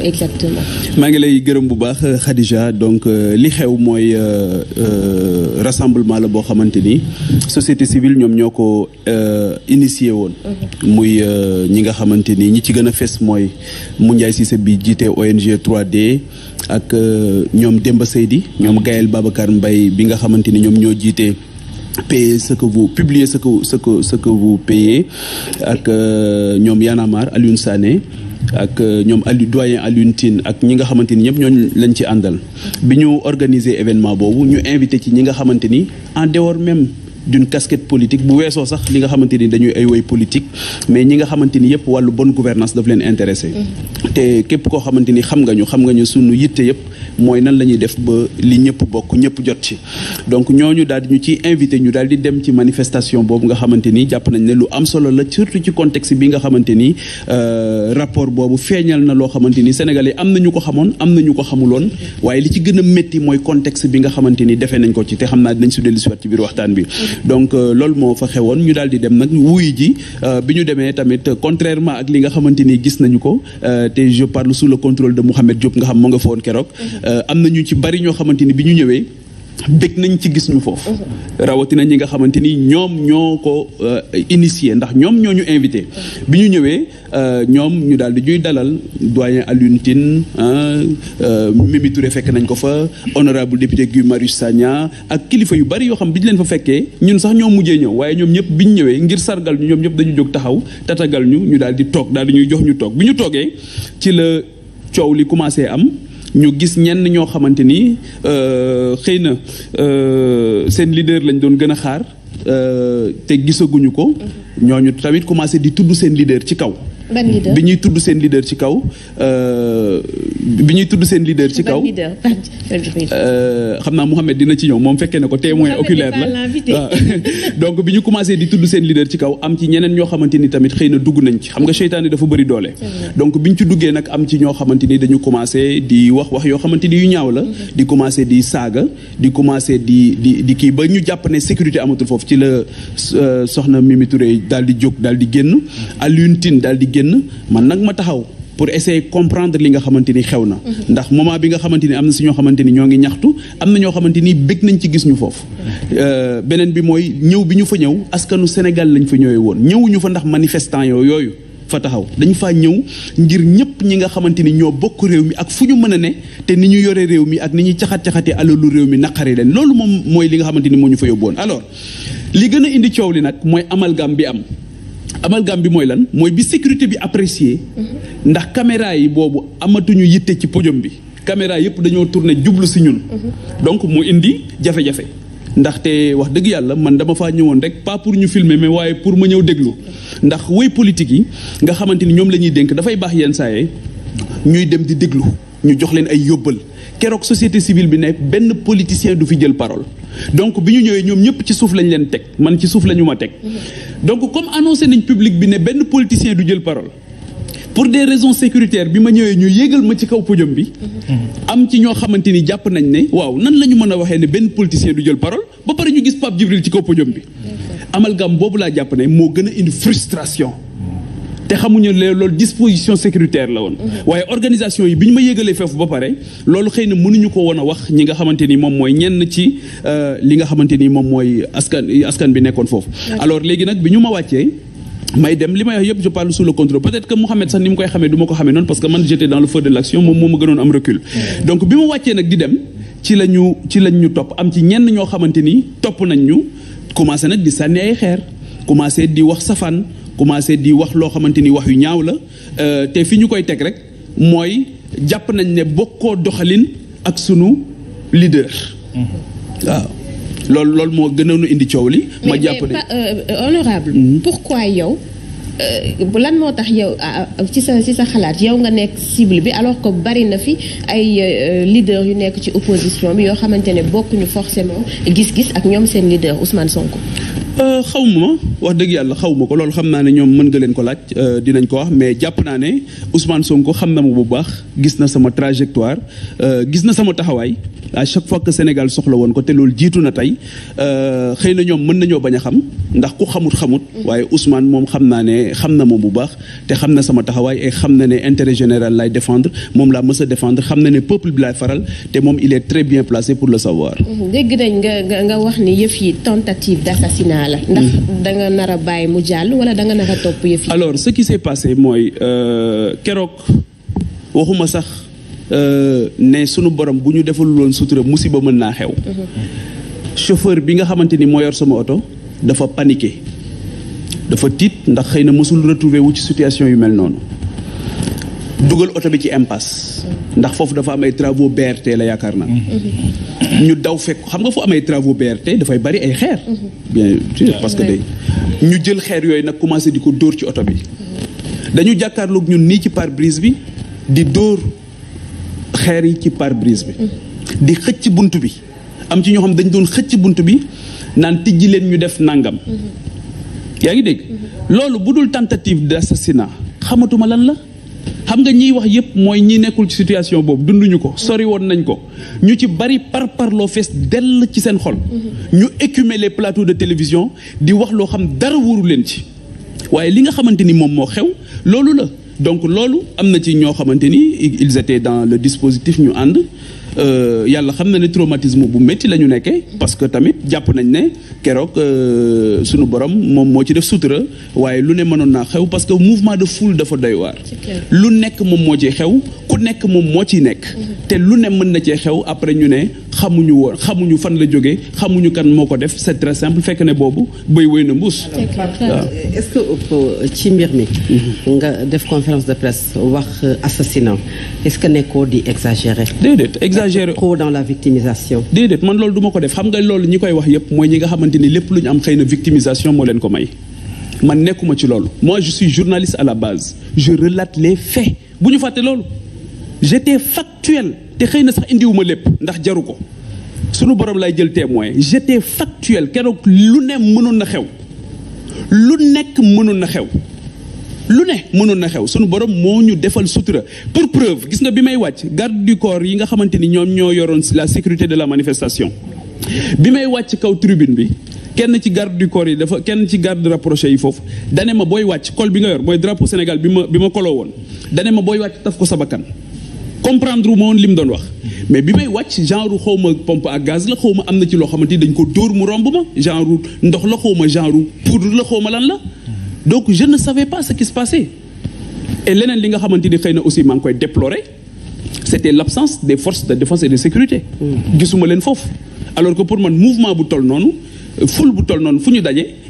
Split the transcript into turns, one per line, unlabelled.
xew exactement. maa ngi lay gërëm bu baax Khadija donc euh, li xew mooy euh, euh, rassemblement la boo xamante ni société civile ñoom ñoo ko initié woon. Mhm. muy ñi nga xamante ni ñi ci gën a fes mooy mu si Cissé bi jiite ONG 3D. ak ñoom Demba Seydi ñoom Gaël Babacar mbay bi nga xamante ni ñoom ñoo jiitee payez ce que vous publiez ce que ce que ce que vous payez ak ñoom Yanamar Alioune Sané ak euh, ñoom Aliou doyen Alioune ak ñi nga xamante ni ñëpp ñooñu lañ ci àndal bi ñu organiser événement boobu ñu invité ci ñi nga xamante ni en déor même d'une casquette politique bu weesoo sax li nga xamante ni dañuy ay woy politique mais ñi nga xamante ni yëpp wàllu bonne gouvernance daf leen intéressé mm-hmm. te képp koo xamante ni xam nga ñu xam nga ñu sunu yitte yëpp mooy nan la ñuy def ba li ñëpp bokk ñëpp jot ci donc ñooñu daal di ñu ci invité ñu daal di dem ci manifestation boobu nga xamante ni jàpp nañ ne lu am solo la surtout ci contexte bi nga xamante ni euh, rapport boobu feeñal na loo xamante ni sénégalais am na ñu ko xamoon am na ko xamuloon mm-hmm. waaye li ci gën a métti mooy contexte bi nga xamante ni defee nañ ko ci te xam naa dinañ su dellu si ci biir waxtaan bi mm-hmm. donc euh, loolu moo fa xewoon ñu daal di dem nag wuy ji euh, bi ñu demee tamit contrairement ak li nga xamante ni gis nañu ko euh, te je parle sous le contrôle de Mouhamed Diop nga xam moo nga fa woon mhm. am na ñu ci bari ñoo xamante ni bi ñu ñëwee bëgg nañ ci gis ñu foofu. rawatina ñi nga xamante ni ñoom ñoo ko euh, initié ndax ñoom ñoo ñu invité. bi ñu ñëwee euh, ñoom ñu daal di ñuy dalal doyen Alioune Tine euh, Mimi Touré fekk nañ ko fa. honorable député Guy Marius Sagna ak kilifa yu bari yoo xam bi ñu leen fa fekkee ñun sax ñoo mujjee ñëw waaye ñoom ñëpp bi ñu ñëwee ngir sargal ñu ñoom ñëpp dañu jóg taxaw tatagal ñu ñu daal di toog daal di ñuy jox ñu toog bi ñu toogee ci la coow li commencé am. ñu gis ñenn ñoo xamante ni euh, xëy na euh, seen leader lañ doon gën a xaar euh, te gisaguñu ko mm-hmm. ñooñu tamit commencé di tudd seen leader ci kaw bi ñuy tudd seen leader ci kaw euh, bi ñuy tudd seen leader ci kaw euh, xam naa Mouhamed dina ci ñëw moom fekkee na ko témoin oculaire la donc bi ñu commencé di tudd seen leader ci kaw am ci ñeneen ñoo xamante ni tamit xëy na dugg nañ ci xam nga seytaane dafa bëri doole donc bi ñu ci duggee nag am ci ñoo xamante ni dañu commencé di wax wax yoo xamante ni yu ñaaw la mm-hmm. di commencé di saaga di commencé di di di kii ba ñu jàpp ne sécurité amatul foofu ci la euh, soxna Mimi Touré daal di jóg daal di génn mm-hmm. Alioune Tine daal di génn génn man nag ma taxaw pour essayer comprendre li nga xamante ni xew na mhm. ndax moment bi nga xamante ni am na si ñoo xamante ni ñoo ngi ñaxtu am na ñoo xamante ni bëgg nañ ci gis ñu foofu mhm. euh, beneen bi mooy ñëw bi ñu fa ñëw askanu Sénégal lañ fa ñëwee woon ñëwuñu fa ndax manifestant yoo yooyu fa taxaw dañu faa ñëw ngir ñëpp ñi nga xamante ni ñoo bokk réew mi ak fu ñu mën a ne te ni ñu yore réew mi ak ni ñuy caxat-caxatee alalu réew mi naqari leen loolu moom mooy li nga xamante ni moo ñu fa yóbboon alors li gën a indi coow li nag mooy amalgam bi am amalgame bi mooy lan mooy bi sécurité bi apprécié ndax caméra yi boobu amatuñu yitte ci podium bi caméra yëpp dañoo tourné jublu si ñun donc mu indi jafe-jafe ndaxte wax dëgg yàlla man dama faa ñëwoon rek pas pour ñu filme mais waaye pour ma ñëw déglu ndax woy politique yi nga xamante ni ñoom la ñuy dénk dafay baax yenn saa yi ñuy dem di déglu ñu jox leen ay yóbbal keroog société civile bi ne benn politicien du fi jël parole donc bi ñu ñëwee ñoom ñëpp ci suuf lañ leen teg man ci suuf la ñu ma teg donc comme annoncé nañ public bi ne benn politicien du jël parole pour des raisons sécuritaires bi ma ñëwee ñu yégal ma ci kaw podium bi am ci ñoo xamante ni jàpp nañ ne waaw nan la ñu mën a waxee ne benn politicien du jël parole ba pare ñu gis Pape Djibril ci kaw podium bi amalgam boobu laa jàpp ne moo gën a indi frustration te xamuñu loolu disposition sécuritaire la woon. Mhm. waaye organisation yi bi ñu ma yëgalee foofu ba pare loolu xëy na mënuñu ko woon a wax ñi nga xamante ni moom mooy ñenn ci euh, li nga xamante ni moom mooy askan askan bi nekkoon foofu. alors léegi nag bi ñu ma wàccee. may dem li may wax yëpp je parle sous le contrôle peut-être que Mouhamed sax ko xamee noonu parce que man j'étais dans le feu de l'action moom moo ma gënoon am recul. donc bi ma wàccee nag di dem ci la ñu ci lañ ñu topp am ci ñenn ñoo xamante ni topp nañ ñu commencé nag di sànni ay xeer commencé di wax safaan. commencé di wax loo xamante ni wax yu ñaaw la euh, te fi ñu koy teg rek mooy jàpp nañ ne bokkoo doxalin ak sunu leader. Mhm. waaw loolu loolu moo gënoon indi coow li. ma jàpp ne euh, honorable mhm. pourquoi yow. Euh, lan moo tax yow ah, ah, ci sa sa xalaat yow nga nekk cible bi alors ko bari na fi ay leader yu nekk ci opposition bi yoo xamante ne bokkuñu forcément gis-gis ak ñoom seen leader Ousmane Sonko. xaw ma wax dëgg yàlla xaw ma ko loolu xam naa ne ñoom mën nga leen ko laaj euh, dinañ ko wax mais jàpp naa ne Ousmane Sonko xam na ma bu baax gis na sama trajectoire euh, gis na sama taxawaay à chaque fois que Sénégal soxla woon ko te loolu jiitu na tey euh, xëy na ñoom mën nañoo bañ a xam ndax ku xamut xamut mm-hmm. waaye Ousmane moom xam naa ne xam na moom bu baax te xam na sama taxawaay ay xam na ne intérêt général lay défendre moom laa mës a défendre xam na ne peuple bi laay faral te moom il est très bien placé pour le savoir. Mm-hmm. dégg nañ nga nga wax ni yëf yi tentative d'assassinat la. ndax mm-hmm. da nga nar a bàyyi mu jàll wala da nga nar a topp yëf yi. alors ce qui s'est passé mooy euh, keroog waxuma sax. Euh, ne sunu borom bu ñu defalul woon sutura musiba mën naa xew. chauffeur bi nga xamante ni moo yor sama oto dafa paniqué dafa tiit ndax xëy na mosul retrouver wu ci situation yu mel noonu dugal oto bi ci impasse ndax foofu dafa am ay travaux BRT la yaakaar naa. ñu daw fekk xam nga fu am ay travaux BRT dafay bari ay xeer. bien parce que day ñu jël xeer yooyu nag commencé di ko dóor ci oto bi. dañu jàkkaarloog ñun nii ci pare-brise bi di dóor. xeer yi ci par brise bi. di xëcc bunt bi am ci ñoo xam dañ doon xëcc bunt bi naan tijji leen ñu def nangam. yaa ngi dégg loolu bu dul tentative d'assassinat xamatuma lan la. xam nga ñiy wax yëpp mooy ñi nekkul ci situation boobu dunduñu ko sori woon nañ ko ñu ci bari par par loo fees dell ci seen xol. ñu écume les plateau de télévision di wax loo xam dara wóoru leen ci waaye li nga xamante ni moom moo xew loolu la. donc loolu am na ci ñoo xamante ni ils étaient dans le dispositif ñu ànd Euh, yàlla xam na ne traumatisme bu métti la ñu nekkee parce que tamit jàpp nañ ne keroog euh, suñu borom moom moo ci def sutura waaye lu ne mënoon naa xew parce que mouvement de foule dafa doy waar lu nekk moom moo ciy xew ku nekk moom moo ciy nekk mhm. te lu ne mën na cee xew après ñu ne xamuñu woon xamuñu fan la jógee xamuñu kan moo ko def c'est très simple fekk ne boobu béy wéy na mbuus est-ce que ci mbir mi mhm. nga def conférence de presse wax assassinat est-ce que nekkoo di exagérer déedéet exagéré trop dans la victimisation. déedéet man loolu du ko def xam nga loolu ñi koy wax yëpp mooy ñi nga xamante ni lépp lu ñu am xëy na victimisation moo leen ko may man nekkuma ci loolu moi je suis journaliste à la base je relate les faits bu ñu fàttee loolu jete factuel te xëy na sax indiwuma lépp ndax jaru ko sunu borom lay jël témoin j'étais factuel keroog lu ne mënoon na xew lu nekk mënoon na xew lu ne mënoon na xew sunu borom moo ñu defal sutura pour preuve gis nga bi may wàcc garde du corps yi nga xamante ni ñoom ñoo yoroon la sécurité de la manifestation bi may wàcc kaw tribune bi kenn ci garde du corps yi dafa kenn ci garde rapproché yi foofu dane ma booy wàcc col bi nga yor mooy drapeau Sénégal bi ma bi ma koloo woon dane ma booy wàcc taf ko sa bakkan comprendre wu ma li mu doon wax mais bi may wàcc genre xaw ma pompe à gaz la xaw ma am na ci loo xamante ni dañ ko dóor mu romb ma genre ndox la xaw ma genre poudre la xaw ma lan la donc jeune ne savais pas ce qui se passait et leneen li nga xamante ni xëy na aussi maa ngi koy déplorer c'était l'absence des force de défense et de sécurité hmm. gisuma leen foofu alors que pour man mouvement bu toll noonu foule bu toll noonu fu ñu dajee